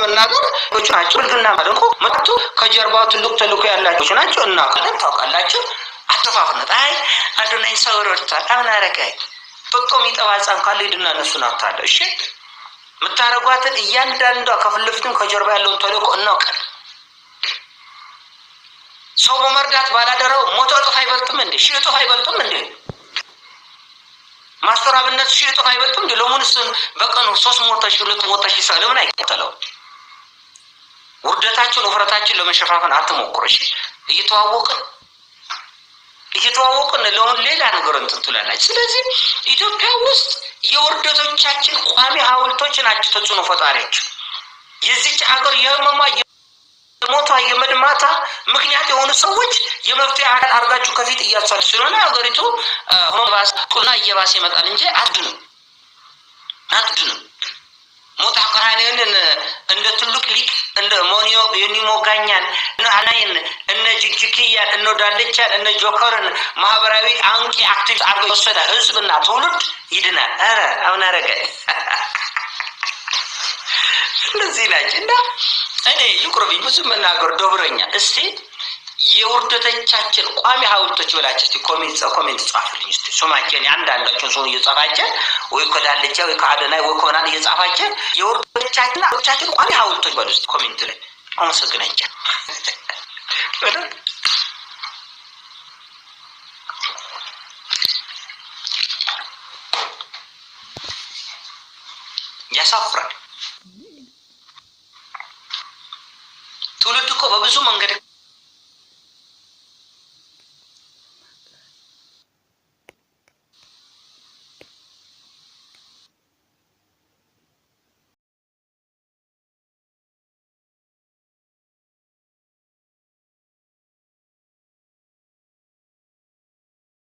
በመናገር ቹ ናቸው። ብልግና ማደንኮ መጥቶ ከጀርባው ትልቅ ተልእኮ ያላቸው ናቸው። እናውቃለን፣ ታውቃላችሁ። አተፋፍነት አይ አዶናይ ሰው ረድቷል። አሁን አረጋይ በጦ የሚጠባ ህጻን ካለ ሂድና እነሱን አታለ እሺ የምታረጓትን እያንዳንዷ ከፊት ለፊቱም ከጀርባ ያለውን ተልእኮ እናውቃለን። ሰው በመርዳት ባላደረው ሞቶ እጥፍ አይበልጥም እንዴ? ሺህ እጥፍ አይበልጥም እንዴ? ማስተራብነት ሺህ እጥፍ አይበልጥም እንዴ? ለምን እሱን በቀኑ ሶስት ሞታሽ ሁለት ሞታሽ ይሳ ለምን አይቀጠለው? ውርደታችሁን ውፍረታችን ለመሸፋፈን አትሞክሩ። እሺ እየተዋወቅን እየተዋወቅን ለሆን ሌላ ነገር እንትን ትላላችሁ። ስለዚህ ኢትዮጵያ ውስጥ የውርደቶቻችን ቋሚ ሐውልቶች ናቸው ተጽዕኖ ፈጣሪያቸው የዚች ሀገር የህመሟ የሞቷ የመድማታ ምክንያት የሆኑ ሰዎች የመፍትሄ አካል አድርጋችሁ ከፊት እያሳል ስለሆነ ሀገሪቱ ቁና እየባሰ ይመጣል እንጂ አትድንም አትድንም ሞታ አቅራኔንን እንደ እንደ ሞኒዮ የኒሞጋኛን እነ ሀናይን እነ ጅግጅግያን እነ ዳልቻን እነ ጆከርን ማህበራዊ አንቂ አክቲቪስት አድርጎ የወሰደ ህዝብና ትውልድ ይድናል። ኧረ አሁን አረገ እንደዚህ ናቸው እና እኔ ይቁርብኝ ብዙ መናገር ደብረኛል። እስቲ የውርደቶቻችን ቋሚ ሀውልቶች ብላችሁ እስቲ ኮሜንት ጻፍልኝ። ስ ሶማቸን አንዳንዳቸውን ሰሆን እየጻፋቸን ወይ ከዳልቻ ወይ ከአደናይ ወይ ከሆናን እየጻፋቸን የውርድ አለቻችን አለቻችን ቋሚ ሀውልቶች በሉ ውስጥ ኮሚኒቲ ላይ አመሰግናኛ ያሳፍራል። ትውልድ እኮ በብዙ መንገድ